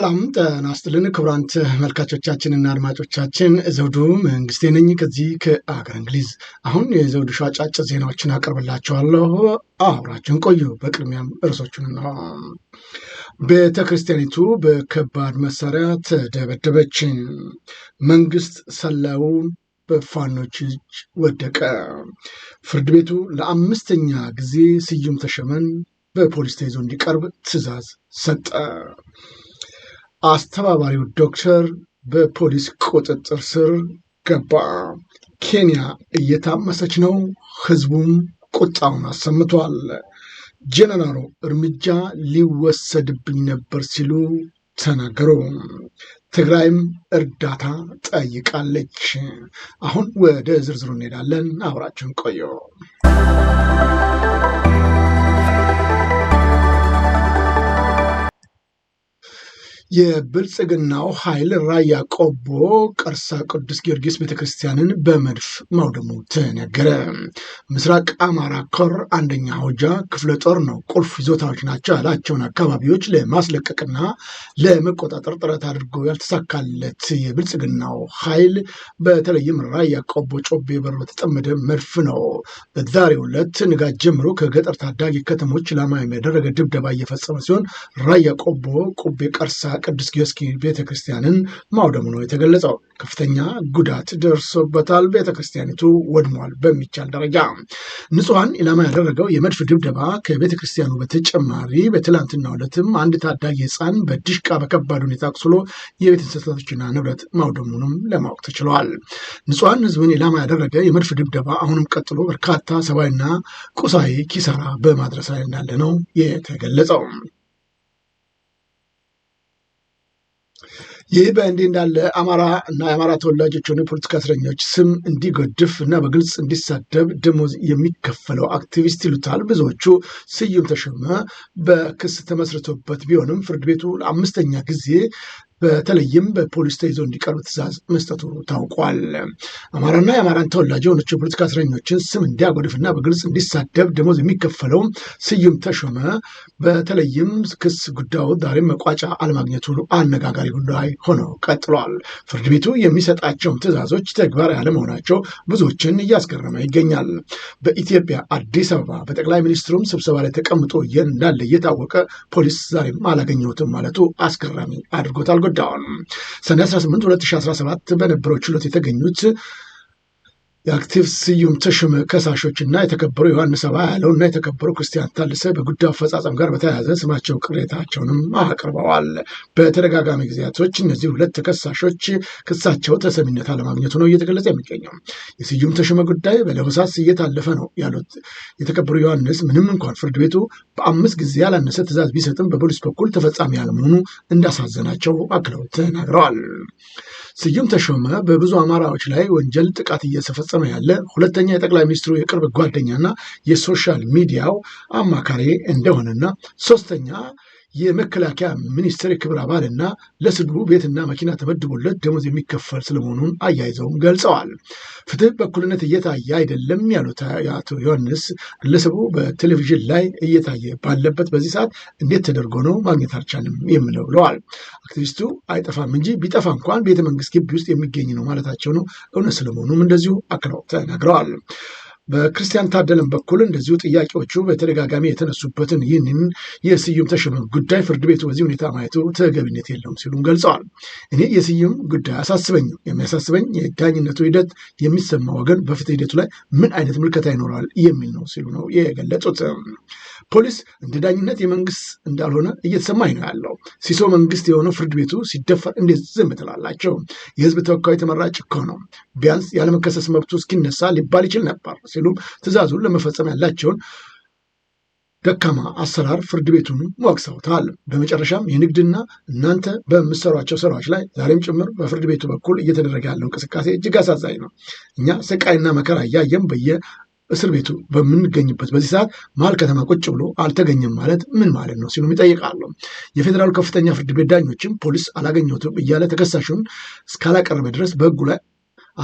ሰላም ጤና ይስጥልን ክቡራን ተመልካቾቻችንና አድማጮቻችን ዘውዱ መንግስቴ ነኝ። ከዚህ ከአገር እንግሊዝ አሁን የዘውዱ ሾው አጫጭር ዜናዎችን አቀርብላችኋለሁ። አብራችን ቆዩ። በቅድሚያም ርዕሶቹን ነው። ቤተ ክርስቲያኒቱ በከባድ መሳሪያ ተደበደበች። መንግስት ሰላዩ በፋኖች እጅ ወደቀ። ፍርድ ቤቱ ለአምስተኛ ጊዜ ስዩም ተሸመን በፖሊስ ተይዞ እንዲቀርብ ትዕዛዝ ሰጠ። አስተባባሪው ዶክተር በፖሊስ ቁጥጥር ስር ገባ። ኬንያ እየታመሰች ነው፣ ህዝቡም ቁጣውን አሰምቷል። ጀነራሉ እርምጃ ሊወሰድብኝ ነበር ሲሉ ተናገሩ። ትግራይም እርዳታ ጠይቃለች። አሁን ወደ ዝርዝሩ እንሄዳለን። አብራችን ቆዩ። የብልጽግናው ኃይል ራያ ቆቦ ቀርሳ ቅዱስ ጊዮርጊስ ቤተክርስቲያንን በመድፍ ማውደሙ ተነገረ። ምስራቅ አማራ ኮር አንደኛ አውጃ ክፍለ ጦር ነው ቁልፍ ይዞታዎች ናቸው ያላቸውን አካባቢዎች ለማስለቀቅና ለመቆጣጠር ጥረት አድርጎ ያልተሳካለት የብልጽግናው ኃይል በተለይም ራያ ቆቦ ጮቤ በር በተጠመደ መድፍ ነው በዛሬው ዕለት ንጋት ጀምሮ ከገጠር ታዳጊ ከተሞች ላማ ያደረገ ድብደባ እየፈጸመ ሲሆን ራያ ቆቦ ቁቤ ቀርሳ ቅዱስ ጊዮርጊስ ቤተ ክርስቲያንን ማውደሙ ነው የተገለጸው። ከፍተኛ ጉዳት ደርሶበታል፣ ቤተ ክርስቲያኒቱ ወድሟል በሚቻል ደረጃ። ንጹሐን ኢላማ ያደረገው የመድፍ ድብደባ ከቤተ ክርስቲያኑ በተጨማሪ በትላንትና ዕለትም አንድ ታዳጊ ህፃን በድሽቃ በከባድ ሁኔታ አቁስሎ የቤት እንስሳቶችና ንብረት ማውደሙንም ለማወቅ ተችሏል። ንጹሐን ህዝብን ኢላማ ያደረገ የመድፍ ድብደባ አሁንም ቀጥሎ በርካታ ሰብአዊና ቁሳዊ ኪሳራ በማድረስ ላይ እንዳለ ነው የተገለጸው። ይህ በእንዲህ እንዳለ አማራ እና የአማራ ተወላጆች የሆኑ የፖለቲካ እስረኞች ስም እንዲጎድፍ እና በግልጽ እንዲሳደብ ደሞዝ የሚከፈለው አክቲቪስት ይሉታል ብዙዎቹ ስዩም ተሾመ በክስ ተመስርቶበት ቢሆንም ፍርድ ቤቱ ለአምስተኛ ጊዜ በተለይም በፖሊስ ተይዘው እንዲቀርብ ትዕዛዝ መስጠቱ ታውቋል። አማራና የአማራን ተወላጅ የሆነች የፖለቲካ እስረኞችን ስም እንዲያጎድፍና በግልጽ እንዲሳደብ ደሞዝ የሚከፈለው ስዩም ተሾመ በተለይም ክስ ጉዳዩ ዛሬም መቋጫ አለማግኘቱ አነጋጋሪ ጉዳይ ሆኖ ቀጥሏል። ፍርድ ቤቱ የሚሰጣቸውም ትዕዛዞች ተግባር ያለመሆናቸው ብዙዎችን እያስገረመ ይገኛል። በኢትዮጵያ አዲስ አበባ በጠቅላይ ሚኒስትሩም ስብሰባ ላይ ተቀምጦ እንዳለ እየታወቀ ፖሊስ ዛሬም አላገኘሁትም ማለቱ አስገራሚ አድርጎታል። ተጎድተዋል። ሰኔ 18 2017 በነበረው ችሎት የተገኙት የአክቲቭ ስዩም ተሾመ ከሳሾች እና የተከበሩ ዮሐንስ አባ ያለው እና የተከበሩ ክርስቲያን ታልሰ በጉዳዩ አፈጻጸም ጋር በተያያዘ ስማቸው ቅሬታቸውንም አቅርበዋል። በተደጋጋሚ ጊዜያቶች እነዚህ ሁለት ተከሳሾች ክሳቸው ተሰሚነት አለማግኘቱ ነው እየተገለጸ የሚገኘው። የስዩም ተሾመ ጉዳይ በለሆሳስ እየታለፈ ነው ያሉት የተከበሩ ዮሐንስ ምንም እንኳን ፍርድ ቤቱ በአምስት ጊዜ ያላነሰ ትእዛዝ ቢሰጥም በፖሊስ በኩል ተፈጻሚ ያለመሆኑ እንዳሳዘናቸው አክለው ተናግረዋል። ስዩም ተሾመ በብዙ አማራዎች ላይ ወንጀል ጥቃት እየተፈጸመ ያለ ሁለተኛ የጠቅላይ ሚኒስትሩ የቅርብ ጓደኛና የሶሻል ሚዲያው አማካሪ እንደሆነና ሶስተኛ የመከላከያ ሚኒስቴር የክብር አባል እና ለስድቡ ቤትና መኪና ተመድቦለት ደሞዝ የሚከፈል ስለመሆኑን አያይዘውም ገልጸዋል። ፍትህ በእኩልነት እየታየ አይደለም ያሉት አቶ ዮሐንስ ግለሰቡ በቴሌቪዥን ላይ እየታየ ባለበት በዚህ ሰዓት እንዴት ተደርጎ ነው ማግኘት አልቻልም የምለው ብለዋል። አክቲቪስቱ አይጠፋም እንጂ ቢጠፋ እንኳን ቤተመንግስት ግቢ ውስጥ የሚገኝ ነው ማለታቸው ነው እውነት ስለመሆኑም እንደዚሁ አክለው ተናግረዋል። በክርስቲያን ታደለም በኩል እንደዚሁ ጥያቄዎቹ በተደጋጋሚ የተነሱበትን ይህንን የስዩም ተሾመን ጉዳይ ፍርድ ቤቱ በዚህ ሁኔታ ማየቱ ተገቢነት የለውም ሲሉም ገልጸዋል። እኔ የስዩም ጉዳይ አሳስበኝም። የሚያሳስበኝ የዳኝነቱ ሂደት የሚሰማ ወገን በፍትህ ሂደቱ ላይ ምን አይነት ምልከታ ይኖረዋል የሚል ነው ሲሉ ነው የገለጹት። ፖሊስ እንደ ዳኝነት የመንግስት እንዳልሆነ እየተሰማኝ ነው ያለው። ሲሶ መንግስት የሆነው ፍርድ ቤቱ ሲደፈር እንዴት ዝም ትላላቸው? የህዝብ ተወካዩ ተመራጭ እኮ ነው። ቢያንስ ያለመከሰስ መብቱ እስኪነሳ ሊባል ይችል ነበር ሲሉም ትእዛዙን ለመፈጸም ያላቸውን ደካማ አሰራር ፍርድ ቤቱን ወቅሰውታል። በመጨረሻም የንግድና እናንተ በምሰሯቸው ስራዎች ላይ ዛሬም ጭምር በፍርድ ቤቱ በኩል እየተደረገ ያለው እንቅስቃሴ እጅግ አሳዛኝ ነው። እኛ ስቃይና መከራ እያየም በየ እስር ቤቱ በምንገኝበት በዚህ ሰዓት መሀል ከተማ ቁጭ ብሎ አልተገኘም ማለት ምን ማለት ነው ሲሉም ይጠይቃሉ። የፌዴራሉ ከፍተኛ ፍርድ ቤት ዳኞችም ፖሊስ አላገኘሁትም እያለ ተከሳሹን እስካላቀረበ ድረስ በህጉ ላይ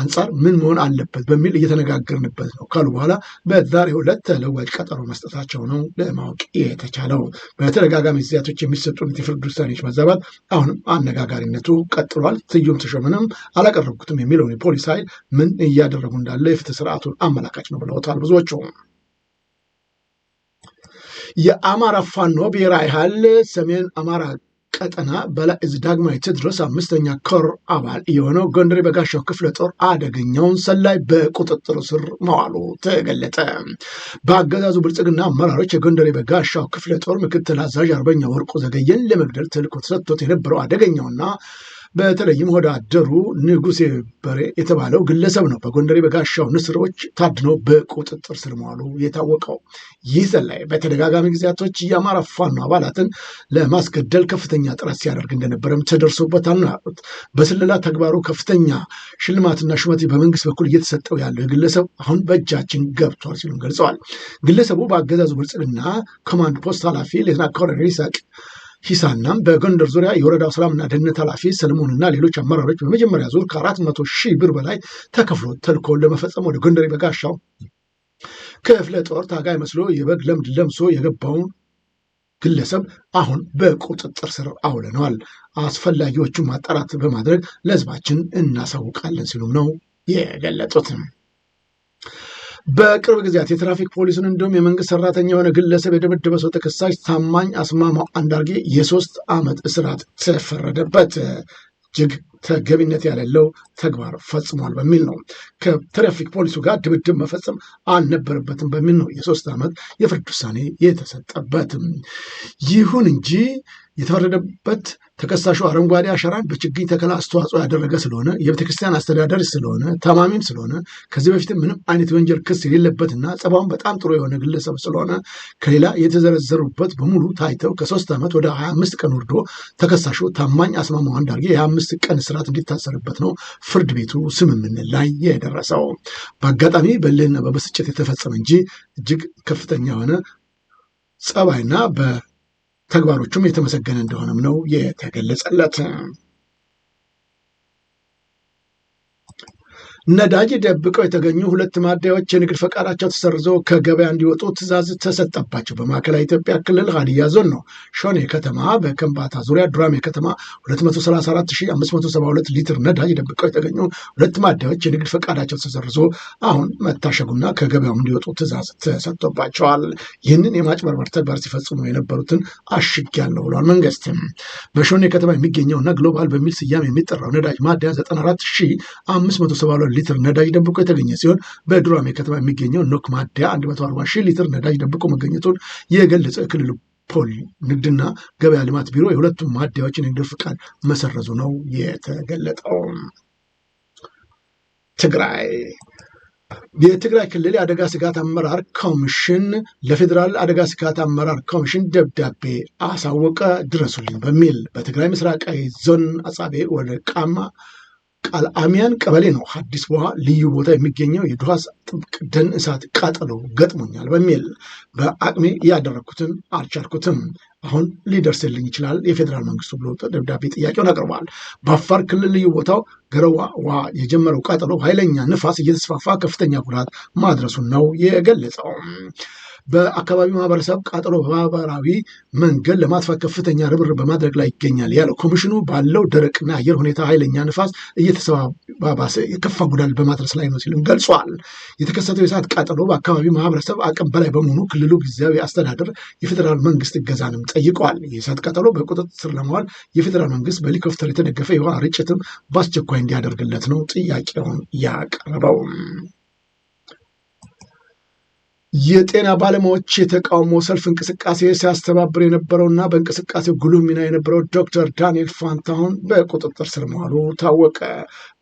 አንጻር ምን መሆን አለበት በሚል እየተነጋገርንበት ነው ካሉ በኋላ በዛሬው ዕለት ተለዋጭ ቀጠሮ መስጠታቸው ነው ለማወቅ የተቻለው። በተደጋጋሚ ጊዜያቶች የሚሰጡት የፍርድ ውሳኔዎች መዛባት አሁንም አነጋጋሪነቱ ቀጥሏል። ስዩም ተሾመንም አላቀረብኩትም የሚለውን የፖሊስ ኃይል ምን እያደረጉ እንዳለ የፍትህ ስርዓቱን አመላካች ነው ብለውታል ብዙዎቹ። የአማራ ፋኖ ብሔራዊ ኃይል ሰሜን አማራ ቀጠና በላዕዝ ዳግማዊ ቴዎድሮስ አምስተኛ ኮር አባል የሆነው ጎንደር በጋሻው ክፍለ ጦር አደገኛውን ሰላይ በቁጥጥር ስር መዋሉ ተገለጠ። በአገዛዙ ብልጽግና አመራሮች የጎንደር በጋሻው ክፍለ ጦር ምክትል አዛዥ አርበኛ ወርቁ ዘገየን ለመግደል ተልዕኮ ተሰጥቶት የነበረው አደገኛውና በተለይም ወዳደሩ ንጉሴ በሬ የተባለው ግለሰብ ነው በጎንደር በጋሻው ንስሮች ታድኖ በቁጥጥር ስር መዋሉ የታወቀው። ይህ ዘላይ በተደጋጋሚ ጊዜያቶች የአማራ ፋኖ አባላትን ለማስገደል ከፍተኛ ጥረት ሲያደርግ እንደነበረም ተደርሶበታል ነው ያሉት። በስለላ ተግባሩ ከፍተኛ ሽልማትና ሹመት በመንግስት በኩል እየተሰጠው ያለው ግለሰብ አሁን በእጃችን ገብቷል ሲሉም ገልጸዋል። ግለሰቡ በአገዛዙ ብልጽግና ኮማንድ ፖስት ኃላፊ ሌተና ኮሎኔል ሂሳናም በጎንደር ዙሪያ የወረዳው ሰላምና ደህንነት ኃላፊ ሰለሞንና ሌሎች አመራሮች በመጀመሪያ ዙር ከአራት መቶ ሺህ ብር በላይ ተከፍሎ ተልኮውን ለመፈጸም ወደ ጎንደር የበጋሻው ክፍለ ጦር ታጋይ መስሎ የበግ ለምድ ለምሶ የገባውን ግለሰብ አሁን በቁጥጥር ስር አውለነዋል። አስፈላጊዎቹን ማጣራት በማድረግ ለህዝባችን እናሳውቃለን ሲሉም ነው የገለጹትም። በቅርብ ጊዜያት የትራፊክ ፖሊስን እንዲሁም የመንግስት ሰራተኛ የሆነ ግለሰብ የደበደበ ሰው ተከሳሽ ታማኝ አስማማው አንዳርጌ የሶስት ዓመት እስራት ተፈረደበት። እጅግ ተገቢነት ያሌለው ተግባር ፈጽሟል በሚል ነው። ከትራፊክ ፖሊሱ ጋር ድብድብ መፈጸም አልነበረበትም በሚል ነው የሶስት ዓመት የፍርድ ውሳኔ የተሰጠበትም ይሁን እንጂ የተፈረደበት ተከሳሹ አረንጓዴ አሻራን በችግኝ ተከላ አስተዋጽኦ ያደረገ ስለሆነ የቤተክርስቲያን አስተዳደር ስለሆነ ታማሚም ስለሆነ ከዚህ በፊት ምንም አይነት ወንጀል ክስ የሌለበትና ጸባውን በጣም ጥሩ የሆነ ግለሰብ ስለሆነ ከሌላ የተዘረዘሩበት በሙሉ ታይተው ከሶስት ዓመት ወደ ሀያ አምስት ቀን ወርዶ ተከሳሹ ታማኝ አስማማ አንዳርጌ የሀያ አምስት ቀን ስርዓት እንዲታሰርበት ነው ፍርድ ቤቱ ስምምነት ላይ የደረሰው። በአጋጣሚ በልህና በብስጭት የተፈጸመ እንጂ እጅግ ከፍተኛ የሆነ ጸባይና ተግባሮቹም የተመሰገነ እንደሆነም ነው የተገለጸለት ነዳጅ ደብቀው የተገኙ ሁለት ማደያዎች የንግድ ፈቃዳቸው ተሰርዞ ከገበያ እንዲወጡ ትዕዛዝ ተሰጠባቸው። በማዕከላዊ ኢትዮጵያ ክልል ሀዲያ ዞን ነው ሾኔ ከተማ በከምባታ ዙሪያ ዱራሜ ከተማ 234572 ሊትር ነዳጅ ደብቀው የተገኙ ሁለት ማደያዎች የንግድ ፈቃዳቸው ተሰርዞ አሁን መታሸጉና ከገበያው እንዲወጡ ትዕዛዝ ተሰጥቶባቸዋል። ይህንን የማጭበርበር ተግባር ሲፈጽሙ የነበሩትን አሽጊያለሁ ብሏል። መንግስት። በሾኔ ከተማ የሚገኘውና ግሎባል በሚል ስያሜ የሚጠራው ነዳጅ ማደያ 94572 ሊትር ነዳጅ ደብቆ የተገኘ ሲሆን በዱራሜ ከተማ የሚገኘው ኖክ ማደያ 140 ሺህ ሊትር ነዳጅ ደብቆ መገኘቱን የገለጸው የክልሉ ፖል ንግድና ገበያ ልማት ቢሮ የሁለቱም ማደያዎች የንግድ ፍቃድ መሰረዙ ነው የተገለጠው። ትግራይ የትግራይ ክልል የአደጋ ስጋት አመራር ኮሚሽን ለፌዴራል አደጋ ስጋት አመራር ኮሚሽን ደብዳቤ አሳወቀ። ድረሱልኝ በሚል በትግራይ ምስራቃዊ ዞን አጻቤ ወደ ቃማ ቃል አሚያን ቀበሌ ነው ሀዲስ ውሃ ልዩ ቦታ የሚገኘው የዱራስ ጥብቅ ደን እሳት ቃጠሎ ገጥሞኛል በሚል በአቅሜ ያደረግኩትን አልቻልኩትም፣ አሁን ሊደርስልኝ ይችላል የፌዴራል መንግስቱ ብሎ ደብዳቤ ጥያቄውን አቅርቧል። በአፋር ክልል ልዩ ቦታው ገረዋ የጀመረው ቃጠሎ ኃይለኛ ንፋስ እየተስፋፋ ከፍተኛ ጉዳት ማድረሱን ነው የገለጸው። በአካባቢው ማህበረሰብ ቃጠሎ በማህበራዊ መንገድ ለማጥፋት ከፍተኛ ርብርብ በማድረግ ላይ ይገኛል ያለው ኮሚሽኑ ባለው ደረቅና አየር ሁኔታ ኃይለኛ ንፋስ እየተሰባባሰ የከፋ ጉዳት በማድረስ ላይ ነው ሲልም ገልጿል። የተከሰተው የእሳት ቃጠሎ በአካባቢው ማህበረሰብ አቅም በላይ በመሆኑ ክልሉ ጊዜያዊ አስተዳደር የፌዴራል መንግስት እገዛንም ጠይቋል። የእሳት ቃጠሎ በቁጥጥር ስር የፌደራል የፌዴራል መንግስት በሄሊኮፕተር የተደገፈ የውሃ ርጭትም በአስቸኳይ እንዲያደርግለት ነው ጥያቄውን ያቀረበው። የጤና ባለሙያዎች የተቃውሞ ሰልፍ እንቅስቃሴ ሲያስተባብር የነበረውና በእንቅስቃሴው ጉልህ ሚና የነበረው ዶክተር ዳንኤል ፋንታሁን በቁጥጥር ስር መዋሉ ታወቀ።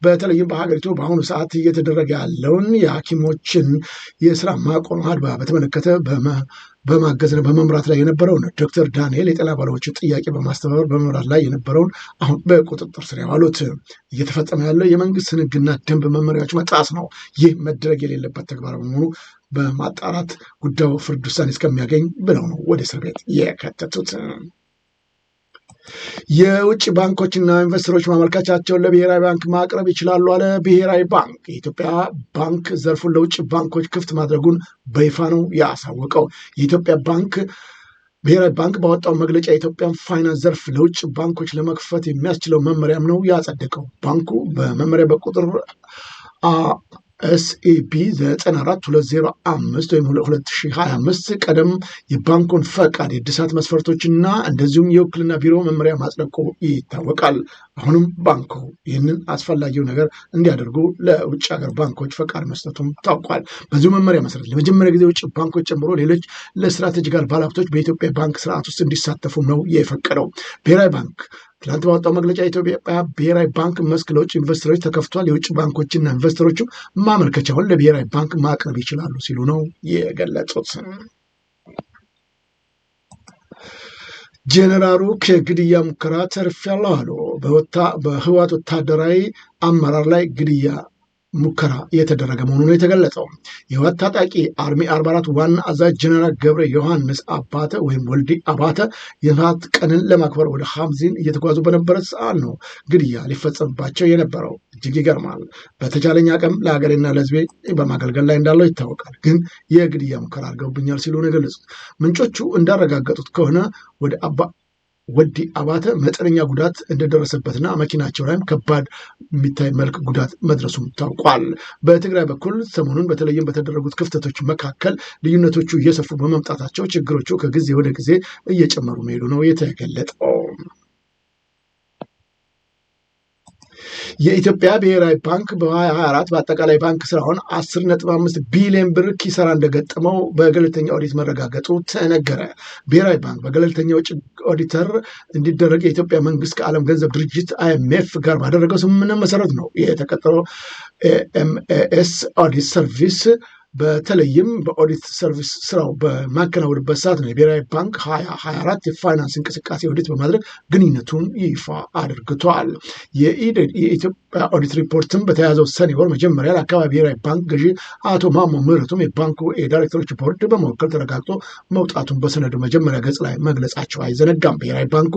በተለይም በሀገሪቱ በአሁኑ ሰዓት እየተደረገ ያለውን የሐኪሞችን የስራ ማቆም አድማ በተመለከተ በማገዝና በመምራት ላይ የነበረውን ዶክተር ዳንኤል የጤና ባለሙያዎችን ጥያቄ በማስተባበር በመምራት ላይ የነበረውን አሁን በቁጥጥር ስር የዋሉት እየተፈጸመ ያለው የመንግስት ህንግና ደንብ መመሪያዎች መጣስ ነው። ይህ መደረግ የሌለበት ተግባር በመሆኑ በማጣራት ጉዳዩ ፍርድ ውሳኔ እስከሚያገኝ ብለው ነው ወደ እስር ቤት የከተቱት። የውጭ ባንኮችና ኢንቨስተሮች ማመልከቻቸውን ለብሔራዊ ባንክ ማቅረብ ይችላሉ አለ ብሔራዊ ባንክ። የኢትዮጵያ ባንክ ዘርፉን ለውጭ ባንኮች ክፍት ማድረጉን በይፋ ነው ያሳወቀው። የኢትዮጵያ ባንክ ብሔራዊ ባንክ ባወጣው መግለጫ የኢትዮጵያን ፋይናንስ ዘርፍ ለውጭ ባንኮች ለመክፈት የሚያስችለው መመሪያም ነው ያጸደቀው። ባንኩ በመመሪያ በቁጥር ኤስኤፒ 94205 ወይም 2025 ቀደም የባንኩን ፈቃድ የእድሳት መስፈርቶችና እንደዚሁም የውክልና ቢሮ መመሪያ ማጽደቁ ይታወቃል። አሁንም ባንኩ ይህንን አስፈላጊው ነገር እንዲያደርጉ ለውጭ ሀገር ባንኮች ፈቃድ መስጠቱም ታውቋል። በዚሁ መመሪያ መሰረት ለመጀመሪያ ጊዜ ውጭ ባንኮች ጨምሮ ሌሎች ለስትራቴጂካል ባለሀብቶች በኢትዮጵያ ባንክ ስርዓት ውስጥ እንዲሳተፉም ነው የፈቀደው ብሔራዊ ባንክ ትናንት ባወጣው መግለጫ የኢትዮጵያ ብሔራዊ ባንክ መስክ ለውጭ ኢንቨስተሮች ተከፍቷል። የውጭ ባንኮችና ኢንቨስተሮቹ ማመልከቻውን ለብሔራዊ ባንክ ማቅረብ ይችላሉ ሲሉ ነው የገለጹት። ጀነራሉ ከግድያ ሙከራ ተርፌያለሁ አሉ። በህወሓት ወታደራዊ አመራር ላይ ግድያ ሙከራ እየተደረገ መሆኑ ነው የተገለጸው። የህወሓት ታጣቂ አርሚ 44 ዋና አዛዥ ጀነራል ገብረ ዮሐንስ አባተ ወይም ወልዲ አባተ የንፋት ቀንን ለማክበር ወደ ሐምዚን እየተጓዙ በነበረ ሰዓት ነው ግድያ ሊፈጸምባቸው የነበረው። እጅግ ይገርማል። በተቻለኝ አቅም ለሀገሬና ለህዝቤ በማገልገል ላይ እንዳለው ይታወቃል። ግን የግድያ ሙከራ አድርገውብኛል ሲሉ ነው የገለጹት። ምንጮቹ እንዳረጋገጡት ከሆነ ወደ አባ ወዲ አባተ መጠነኛ ጉዳት እንደደረሰበትና መኪናቸው ላይም ከባድ የሚታይ መልክ ጉዳት መድረሱም ታውቋል። በትግራይ በኩል ሰሞኑን በተለይም በተደረጉት ክፍተቶች መካከል ልዩነቶቹ እየሰፉ በመምጣታቸው ችግሮቹ ከጊዜ ወደ ጊዜ እየጨመሩ መሄዱ ነው የተገለጠው። የኢትዮጵያ ብሔራዊ ባንክ በ2024 በአጠቃላይ ባንክ ስራውን 10.5 ቢሊዮን ብር ኪሳራ እንደገጠመው በገለልተኛ ኦዲት መረጋገጡ ተነገረ። ብሔራዊ ባንክ በገለልተኛ ውጭ ኦዲተር እንዲደረግ የኢትዮጵያ መንግስት ከዓለም ገንዘብ ድርጅት አይኤምኤፍ ጋር ባደረገው ስምምነት መሰረት ነው። የተቀጠረው ኤምኤስ ኦዲት ሰርቪስ በተለይም በኦዲት ሰርቪስ ስራው በማከናወንበት ሰዓት ነው የብሔራዊ ባንክ 2024 የፋይናንስ እንቅስቃሴ ኦዲት በማድረግ ግንኙነቱን ይፋ አድርግቷል። የኢትዮጵያ ኦዲት ሪፖርትም በተያዘው ሰኔ ወር መጀመሪያ ለአካባቢ ብሔራዊ ባንክ ገዢ አቶ ማሞ ምህረቱም የባንኩ የዳይሬክተሮች ቦርድ በመወከል ተረጋግጦ መውጣቱን በሰነዱ መጀመሪያ ገጽ ላይ መግለጻቸው አይዘነጋም። ብሔራዊ ባንኩ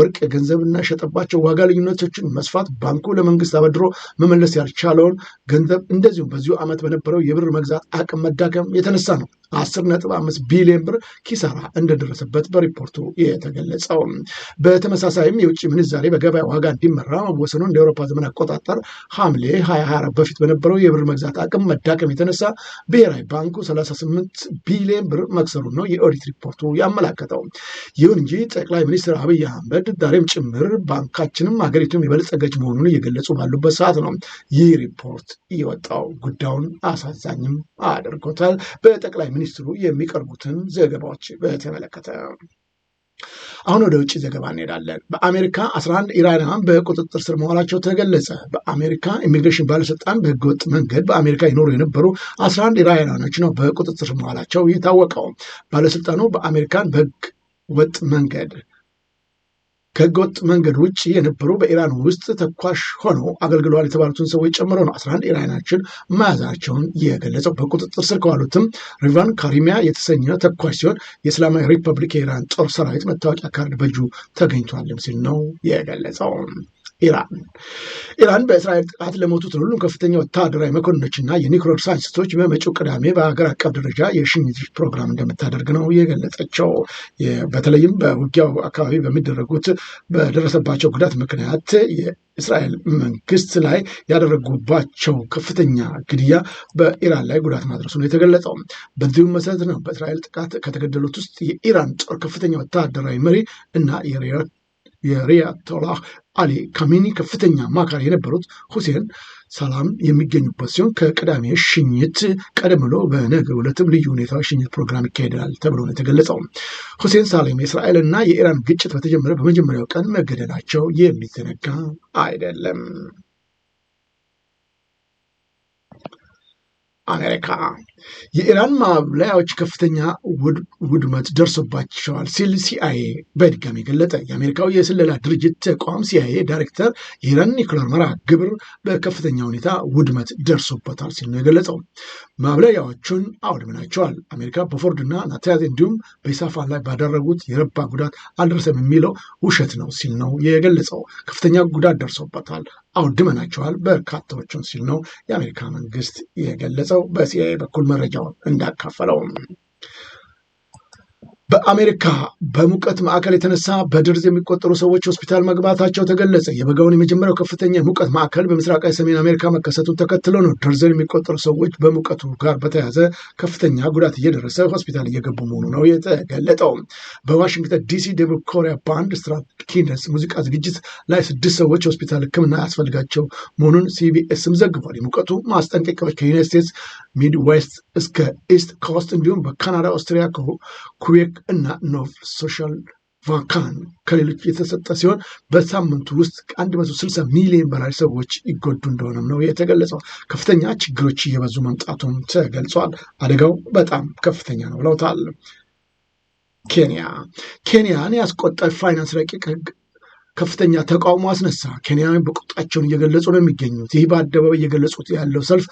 ወርቅ የገንዘብና የሸጠባቸው ዋጋ ልዩነቶችን መስፋት፣ ባንኩ ለመንግስት አበድሮ መመለስ ያልቻለውን ገንዘብ እንደዚሁም በዚሁ ዓመት በነበረው የብር መግዛት አቅም መዳከም የተነሳ ነው 10.5 ቢሊዮን ብር ኪሳራ እንደደረሰበት በሪፖርቱ የተገለጸው። በተመሳሳይም የውጭ ምንዛሬ በገበያ ዋጋ እንዲመራ መወሰኑ እንደ አውሮፓ ዘመን አቆጣጠር ሐምሌ 2024 በፊት በነበረው የብር መግዛት አቅም መዳከም የተነሳ ብሔራዊ ባንኩ 38 ቢሊዮን ብር መክሰሩን ነው የኦዲት ሪፖርቱ ያመላከተው። ይሁን እንጂ ጠቅላይ ሚኒስትር አብይ አህመድ ዛሬም ጭምር ባንካችንም ሀገሪቱም የበለጸገች መሆኑን እየገለጹ ባሉበት ሰዓት ነው ይህ ሪፖርት የወጣው። ጉዳዩን አሳዛኝም አድርጎታል። በጠቅላይ ሚኒስትሩ የሚቀርቡትን ዘገባዎች በተመለከተ አሁን ወደ ውጭ ዘገባ እንሄዳለን። በአሜሪካ 11 ኢራናውያን በቁጥጥር ስር መዋላቸው ተገለጸ። በአሜሪካ ኢሚግሬሽን ባለስልጣን በህገወጥ መንገድ በአሜሪካ ይኖሩ የነበሩ 11 ኢራናውያኖች ነው በቁጥጥር ስር መዋላቸው የታወቀው። ባለስልጣኑ በአሜሪካን በህገ ወጥ መንገድ ከህገወጥ መንገድ ውጭ የነበሩ በኢራን ውስጥ ተኳሽ ሆነው አገልግለዋል የተባሉትን ሰዎች ጨምሮ ነው 11 ኢራናችን መያዛቸውን የገለጸው። በቁጥጥር ስር ከዋሉትም ሪቫን ካሪሚያ የተሰኘ ተኳሽ ሲሆን የእስላማዊ ሪፐብሊክ የኢራን ጦር ሰራዊት መታወቂያ ካርድ በእጁ ተገኝቷልም ሲል ነው የገለጸው። ኢራን ኢራን በእስራኤል ጥቃት ለሞቱት ሁሉም ከፍተኛ ወታደራዊ መኮንኖችና የኒውክሌር ሳይንቲስቶች በመጪው ቅዳሜ በሀገር አቀፍ ደረጃ የሽኝት ፕሮግራም እንደምታደርግ ነው የገለጸችው። በተለይም በውጊያው አካባቢ በሚደረጉት በደረሰባቸው ጉዳት ምክንያት የእስራኤል መንግስት ላይ ያደረጉባቸው ከፍተኛ ግድያ በኢራን ላይ ጉዳት ማድረሱ ነው የተገለጸው። በዚሁም መሰረት ነው በእስራኤል ጥቃት ከተገደሉት ውስጥ የኢራን ጦር ከፍተኛ ወታደራዊ መሪ እና የሪያቶላህ አሊ ካሚኒ ከፍተኛ አማካሪ የነበሩት ሁሴን ሰላም የሚገኙበት ሲሆን ከቅዳሜ ሽኝት ቀደም ብሎ በነገ ዕለትም ልዩ ሁኔታ ሽኝት ፕሮግራም ይካሄዳል ተብሎ ነው የተገለጸው። ሁሴን ሳላም እና የኢራን ግጭት በተጀመረ በመጀመሪያው ቀን መገደላቸው የሚዘነጋ አይደለም። አሜሪካ የኢራን ማብላያዎች ከፍተኛ ውድመት ደርሶባቸዋል ሲል ሲአይኤ በድጋሚ ገለጠ። የአሜሪካው የስለላ ድርጅት ተቋም ሲአይኤ ዳይሬክተር የኢራን ኒውክሌር መርሃ ግብር በከፍተኛ ሁኔታ ውድመት ደርሶበታል ሲል ነው የገለጸው። ማብላያዎቹን አውድመናቸዋል። አሜሪካ በፎርድ እና ናታንዝ እንዲሁም በኢስፋሃን ላይ ባደረጉት የረባ ጉዳት አልደረሰም የሚለው ውሸት ነው ሲል ነው የገለጸው። ከፍተኛ ጉዳት ደርሶበታል፣ አውድመናቸዋል በርካታዎቹን ሲል ነው የአሜሪካ መንግስት የገለጸው በሲአይኤ በኩል መረጃውን እንዳካፈለውም በአሜሪካ በሙቀት ማዕከል የተነሳ በድርዝ የሚቆጠሩ ሰዎች ሆስፒታል መግባታቸው ተገለጸ። የበጋውን የመጀመሪያው ከፍተኛ የሙቀት ማዕከል በምስራቃዊ ሰሜን አሜሪካ መከሰቱን ተከትሎ ነው ድርዘን የሚቆጠሩ ሰዎች በሙቀቱ ጋር በተያያዘ ከፍተኛ ጉዳት እየደረሰ ሆስፒታል እየገቡ መሆኑ ነው የተገለጠው። በዋሽንግተን ዲሲ ደቡብ ኮሪያ ባንድ ስትራኪነስ ሙዚቃ ዝግጅት ላይ ስድስት ሰዎች ሆስፒታል ሕክምና ያስፈልጋቸው መሆኑን ሲቢኤስም ዘግቧል። የሙቀቱ ማስጠንቀቂያዎች ከዩናይት ስቴትስ ሚድዌስት እስከ ኢስት ኮስት እንዲሁም በካናዳ፣ ኦስትሪያ፣ ኩዌክ እና ኖቭ ሶሻል ቫካን ከሌሎች የተሰጠ ሲሆን በሳምንቱ ውስጥ 160 ሚሊዮን በላይ ሰዎች ይጎዱ እንደሆነም ነው የተገለጸው። ከፍተኛ ችግሮች እየበዙ መምጣቱም ተገልጿል። አደጋው በጣም ከፍተኛ ነው ብለውታል። ኬንያ ኬንያን ያስቆጠ ፋይናንስ ረቂቅ ህግ ከፍተኛ ተቃውሞ አስነሳ። ኬንያውያን በቁጣቸውን እየገለጹ ነው የሚገኙት። ይህ በአደባባይ እየገለጹት ያለው ሰልፍ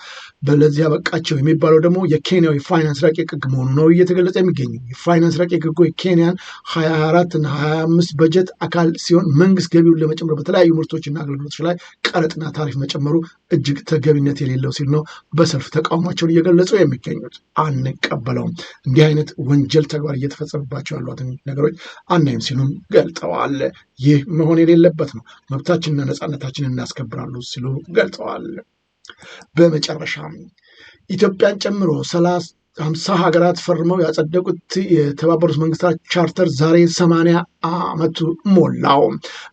በለዚህ ያበቃቸው የሚባለው ደግሞ የኬንያው የፋይናንስ ረቂቅ ሕግ መሆኑ ነው እየተገለጸ የሚገኙ የፋይናንስ ረቂቅ ሕጉ የኬንያን 24 እና 25 በጀት አካል ሲሆን መንግስት ገቢውን ለመጨመር በተለያዩ ምርቶችና አገልግሎቶች ላይ ቀረጥና ታሪፍ መጨመሩ እጅግ ተገቢነት የሌለው ሲል ነው በሰልፍ ተቃውሟቸውን እየገለጹ የሚገኙት። አንቀበለውም፣ እንዲህ አይነት ወንጀል ተግባር እየተፈጸመባቸው ያሏትን ነገሮች አናይም ሲሉም ገልጠዋል። ይህ መሆን የሌለበት ነው። መብታችንና ነፃነታችንን እናስከብራሉ ሲሉ ገልጸዋል። በመጨረሻም ኢትዮጵያን ጨምሮ ሰላስ አምሳ ሀገራት ፈርመው ያጸደቁት የተባበሩት መንግስታት ቻርተር ዛሬ ሰማንያ ዓመቱ ሞላው።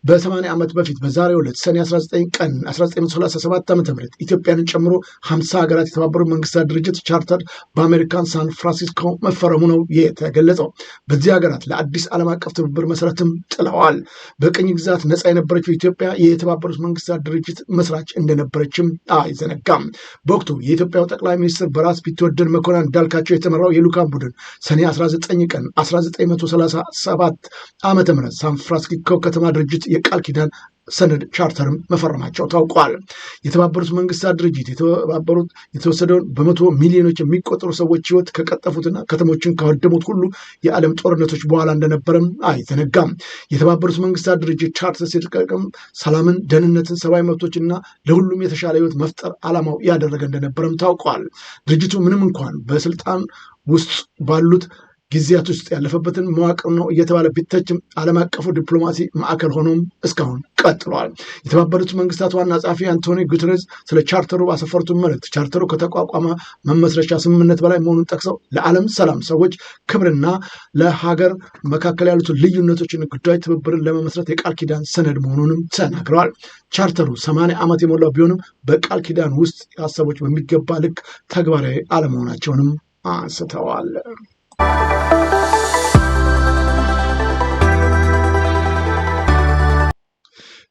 በሰማንያ ዓመት በፊት በዛሬ ሁለት ሰኔ 19 ቀን 1937 ዓ ም ኢትዮጵያን ጨምሮ ሀምሳ ሀገራት የተባበሩት መንግስታት ድርጅት ቻርተር በአሜሪካን ሳን ፍራንሲስኮ መፈረሙ ነው የተገለጸው። በዚህ ሀገራት ለአዲስ ዓለም አቀፍ ትብብር መሰረትም ጥለዋል። በቅኝ ግዛት ነፃ የነበረችው ኢትዮጵያ የተባበሩት መንግስታት ድርጅት መስራች እንደነበረችም አይዘነጋም። በወቅቱ የኢትዮጵያው ጠቅላይ ሚኒስትር በራስ ቢትወደድ መኮንን እንዳልከ በአምላካቸው የተመራው የሉካን ቡድን ሰኔ 19 ቀን 1937 ዓ ም ሳንፍራንሲስኮ ከተማ ድርጅት የቃል ኪዳን ሰነድ ቻርተርም መፈረማቸው ታውቋል። የተባበሩት መንግስታት ድርጅት የተባበሩት የተወሰደውን በመቶ ሚሊዮኖች የሚቆጠሩ ሰዎች ህይወት ከቀጠፉትና ከተሞችን ካወደሙት ሁሉ የዓለም ጦርነቶች በኋላ እንደነበረም አይዘነጋም። የተባበሩት መንግስታት ድርጅት ቻርተር ሲጠቀም ሰላምን፣ ደህንነትን፣ ሰብአዊ መብቶችና ለሁሉም የተሻለ ህይወት መፍጠር ዓላማው ያደረገ እንደነበረም ታውቋል። ድርጅቱ ምንም እንኳን በስልጣን ውስጥ ባሉት ጊዜያት ውስጥ ያለፈበትን መዋቅር ነው እየተባለ ቢተችም ዓለም አቀፉ ዲፕሎማሲ ማዕከል ሆኖም እስካሁን ቀጥሏል። የተባበሩት መንግስታት ዋና ጸሐፊ አንቶኒ ጉተሬዝ ስለ ቻርተሩ ባሰፈሩትን መልእክት ቻርተሩ ከተቋቋመ መመስረቻ ስምምነት በላይ መሆኑን ጠቅሰው ለዓለም ሰላም፣ ሰዎች ክብርና ለሀገር መካከል ያሉትን ልዩነቶችን ጉዳይ ትብብርን ለመመስረት የቃል ኪዳን ሰነድ መሆኑንም ተናግረዋል። ቻርተሩ ሰማንያ ዓመት የሞላው ቢሆንም በቃል ኪዳን ውስጥ ሀሳቦች በሚገባ ልክ ተግባራዊ አለመሆናቸውንም አንስተዋል።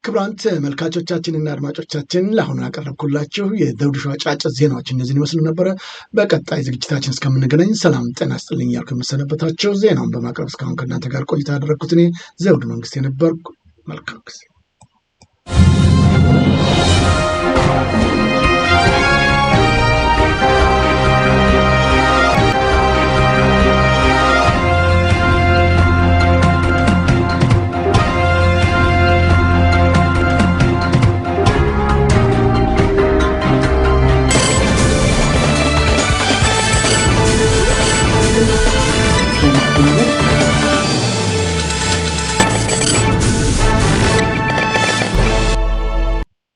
ክቡራን ተመልካቾቻችንና አድማጮቻችን ለአሁኑ ያቀረብኩላችሁ የዘውዱ ሾው አጫጭር ዜናዎች እነዚህን ይመስሉ ነበረ። በቀጣይ ዝግጅታችን እስከምንገናኝ ሰላም ጤና ይስጥልኝ እያልኩ የምሰነበታቸው ዜናውን በማቅረብ እስካሁን ከእናንተ ጋር ቆይታ ያደረግኩት እኔ ዘውዱ መንግስት የነበርኩ መልካም ጊዜ